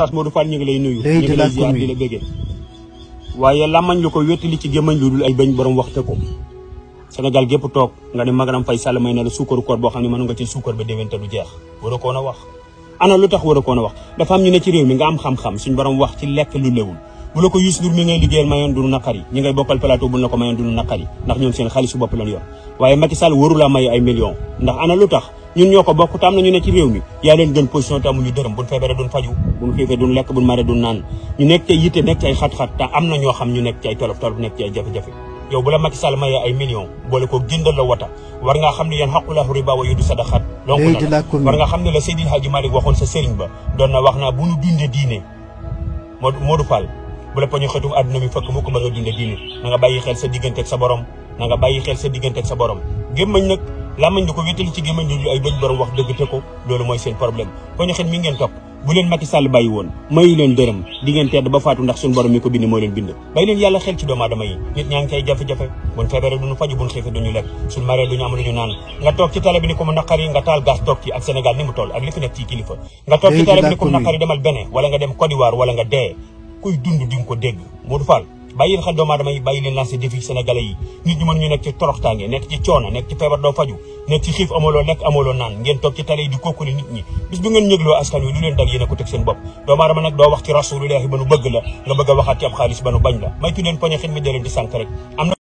Oustaz Modou Fall ñu ngi nuyu ñu ngi la bëggee waaye làmmañ lu ko wéttali ci gémmañ lu dul ay bañ borom waxte ko Sénégal gépp toog nga ne Magaram Faye Sall may na la suukaru koor boo xam ne mën nga ci suukar ba déwénte lu jeex war wax ana lu tax war a koon wax dafa am ñu ne ci réew mi nga am xam-xam suñu borom wax ci lekk lu lewul bu la ko Youssou Ndour mi ngay liggéeyal mayoon du naqari ñi ngay bokkal plateau bu la ko mayoon du naqari ndax ñoom s xaalisu bopp lañ yor waaye Macky Sall warula may ay ñun ñoko bokku tam ñu ne ci réew mi ya leen gën position tam ñu dërëm buñ fébéré duñ faju buñ xéfé duñ lek buñ maré duñ nan ñu nek ci yité nek ci ay xat xat ta amna ño xam ñu nek ci ay tolof tolof nek ci ay jafé jafé yow bu la Macky Sall maye ay million boole ko jëndal la wata war nga xam ni riba wa yudu sadaqat donc war nga xam ni la Seydil Hadji malik waxon sa sëriñ ba doon na bu ñu Modou Fall bu la poñu xëtum aduna mi fakk moko ma do dundee diiné nga bayyi xel sa ak sa borom nga bayyi xel sa ak sa borom nak làmmiñ di ko wéttali ci gémmañ di ay doj borom wax dëgg te ko loolu mooy seen problème ko ñu xet ngeen topp bu leen Macky Sall bàyyi woon mayu leen dërëm di ngeen tedd ba faatu ndax suñu borom mi ko bind moo leen bind bàyyi leen yàlla xel ci doomu aadama yi nit ñaa ngi cay jafe-jafe buñ feebare duñu faju buñ xiife duñu lekk suñ maree duñu am duñu naan nga toog ci tale ni ko mu naqari nga taal gas toog ci ak Sénégal ni mu toll ak li bàyyi xel doomu aadama yi bàyyi leen lancé défi sénégalais yi nit ñu mën ñu nekk ci toroxtaange nekk ci coono nekk ci feebar doo faju nekk ci xiif amaloo lekk amaloo naan ngeen toog ci tale yi di kookuli nit ñi bis bu ngeen ñëgloo askan wi lu leen dal yéen a ko teg seen bopp doomu aadama nag doo wax ci rasulillahi ba nu bëgg la nga bëgg a waxaat ci am xaalis ba nu bañ la maytu leen poñe xin mi dee leen di sànk rek